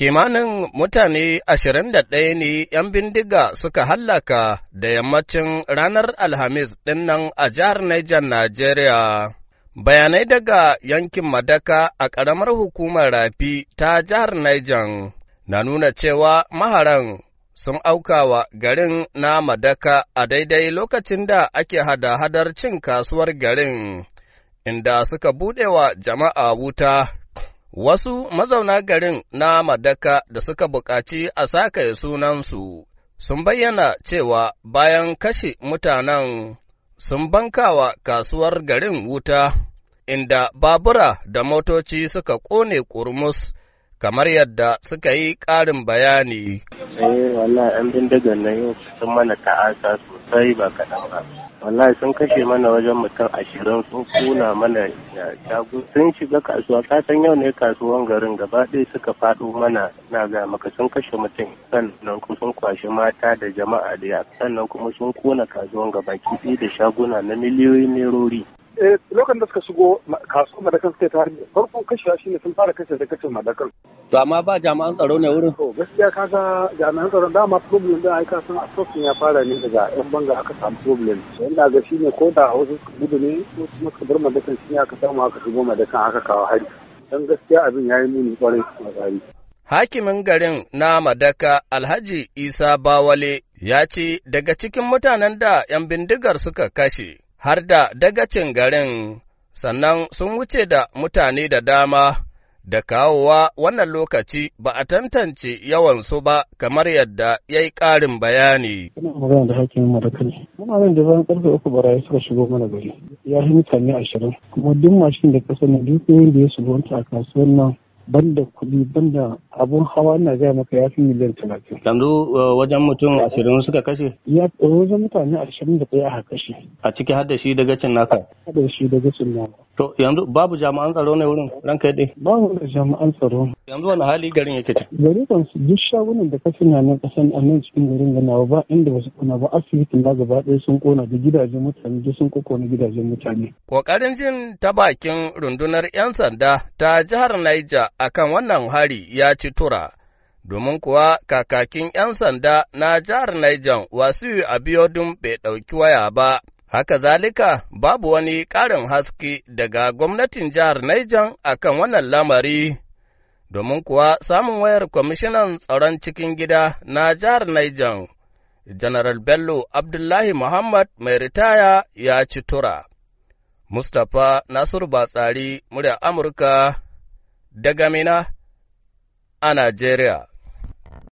Kimanin mutane ashirin da ɗaya ne ‘yan bindiga suka hallaka da yammacin ranar Alhamis ɗin nan a jihar Niger, Najeriya. Bayanai daga yankin Madaka a ƙaramar hukumar Rafi ta jihar Niger na nuna cewa maharan sun aukawa garin na Madaka a daidai lokacin da ake hada-hadar cin kasuwar garin, inda suka buɗewa jama'a wuta. Wasu mazauna garin na Madaka da suka buƙaci a sakaye sunansu sun bayyana cewa bayan kashe mutanen sun bankawa kasuwar garin wuta, inda babura da motoci suka ƙone ƙurmus kamar yadda suka yi ƙarin bayani. Eh, wannan ‘yan bindigan nan yau sun mana ta'asa sosai. sosai ba kaɗan ba wallahi sun kashe mana wajen mutum ashirin sun kuna mana shagu sun shiga kasuwa kasan yau ne kasuwan garin gaba ɗaya suka faɗo mana na ga maka sun kashe mutum sannan kuma sun kwashi mata da jama'a da sannan kuma sun kona kasuwan gaba kiɗi da shaguna na miliyoyin merori. Eh, lokacin da suka shigo kasuwar madakan suka yi tarihi farkon kashewa shine sun fara kashe da kashe madakan to amma ba jami'an tsaro ne wurin to gaskiya kaga jami'an tsaro dama problem da aika sun asosin ya fara ne daga yan banga aka samu problem wanda ga shine ko da wasu suka gudu ne ko kuma suka bar madakan shine aka samu aka shigo madakan aka kawo hari dan gaskiya abin yayi muni kwarai a tsari Hakimin garin na Madaka Alhaji Isa Bawale ya ce daga cikin mutanen da ‘yan bindigar suka kashe, har da dagacin garin, sannan sun wuce da mutane da dama da kawowa wannan lokaci ba a tantance yawansu ba kamar yadda ya yi ƙarin bayani. Ina magana da hakimin Madaka Muna nan da bayan karfe uku barayi suka shigo mana gari. Ya yi mutane ashirin. Kuma duk mashin da ƙasa ne duk da ya shigo a kasuwar nan banda kuɗi banda abun hawa na gaya maka ya fi miliyan talatin. yanzu uh, wajen mutum ashirin suka kashe. ya wajen mutane ashirin da ɗaya a kashe. a ciki hada shi daga cin naka. hada shi daga cin naka. to yanzu babu jami'an tsaro ne wurin ranka yadda. babu jami'an tsaro. yanzu wani hali garin yake ta gari kan duk shagunan da kasu na nan kasan a nan cikin garin nawa ba inda ba su kona ba asibitin na gaba ɗaya sun kona da gidajen mutane duk sun kokona gidajen mutane kokarin jin ta bakin rundunar yan sanda ta jihar Niger akan wannan hari ya ci tura domin kuwa kakakin yan sanda na jihar Niger wasu abiyodun bai ɗauki waya ba Haka zalika babu wani ƙarin haske daga gwamnatin jihar Niger akan wannan lamari domin kuwa samun wayar kwamishinan tsaron cikin gida na jihar Niger, General Bello Abdullahi Muhammad mai ritaya ya ci tura. Mustapha Nasiru Batsari, murya Amurka, daga Mina a Najeriya.